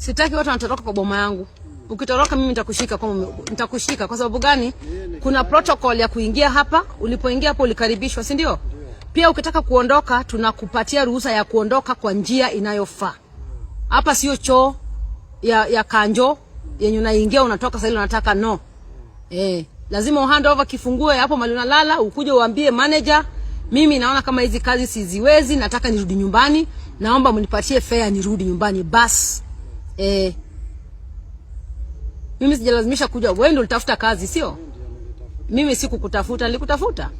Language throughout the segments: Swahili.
Sitaki watu wanatoroka kwa boma yangu. Ukitoroka mimi nitakushika kwa, nitakushika kwa sababu gani? Kuna protocol ya kuingia hapa, ulipoingia hapo ulikaribishwa, si ndio? Pia ukitaka kuondoka tunakupatia ruhusa ya kuondoka kwa njia inayofaa. Hapa sio choo ya, ya kanjo yenye unaingia unatoka sasa unataka no. Eh, lazima uhand over kifungue hapo mali unalala, ukuje uambie manager, mimi naona kama hizi kazi siziwezi, nataka nirudi nyumbani, naomba mnipatie fare nirudi nyumbani basi eh. Mimi sijalazimisha kuja, wewe ndio ulitafuta kazi, sio mimi. Sikukutafuta, nilikutafuta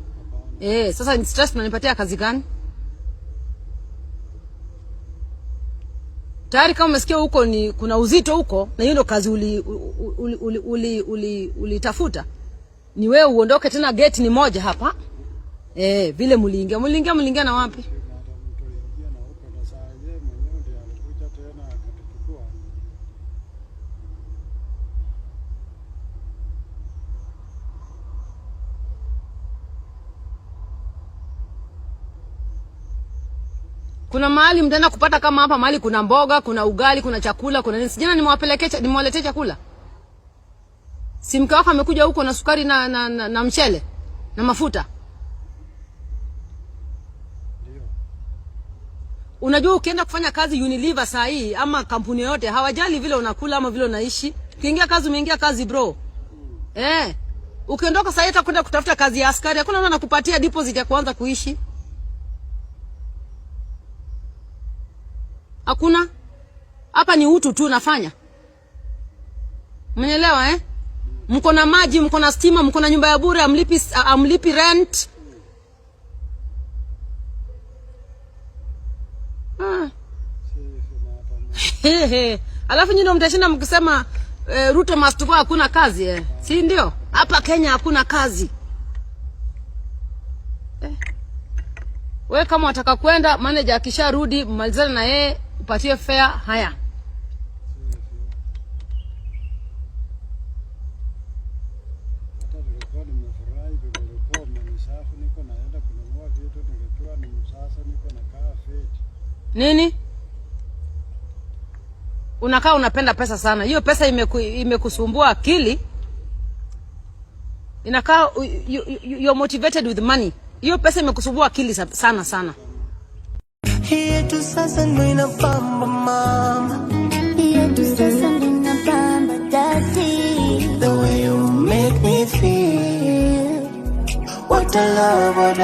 eh. Sasa ni stress unanipatia kazi gani? Tayari kama umesikia huko ni kuna uzito huko, na hiyo ndio kazi ulitafuta uli, uli, uli, uli, uli ni wewe uondoke tena, geti ni moja hapa eh, vile mliingia mliingia mliingia na wapi? Kuna mahali mtaenda kupata kama hapa mahali kuna mboga, kuna ugali, kuna chakula, kuna nini. Sijana nimewapelekea nimewaletea chakula. Si mke wako amekuja huko na sukari na na, na, na mchele na mafuta. Unajua ukienda kufanya kazi Unilever saa hii ama kampuni yote hawajali vile unakula ama vile unaishi. Ukiingia kazi umeingia kazi bro. Eh. Ukiondoka saa hii utakwenda kutafuta kazi ya askari. Hakuna mtu anakupatia deposit ya kuanza kuishi. Hakuna hapa, ni utu tu nafanya, mnielewa eh? Mko na maji, mko na stima, mko na nyumba ya bure, amlipi, amlipi rent ah. Alafu nyinyi ndio mtashinda mkisema eh, Ruto must go, hakuna kazi eh. Si ndio? Hapa Kenya hakuna kazi eh. We kama wataka kwenda manager akisharudi mmalizane na yeye upatie fair haya. Nini? Unakaa unapenda pesa sana. Hiyo pesa imeku, imekusumbua akili. Inakaa you're motivated with money. Hiyo pesa imekusumbua akili sana sana. yetu sasa ndo inapamba mama, yetu sasa ndo inapamba daddy, the way you make me feel, what a love, what a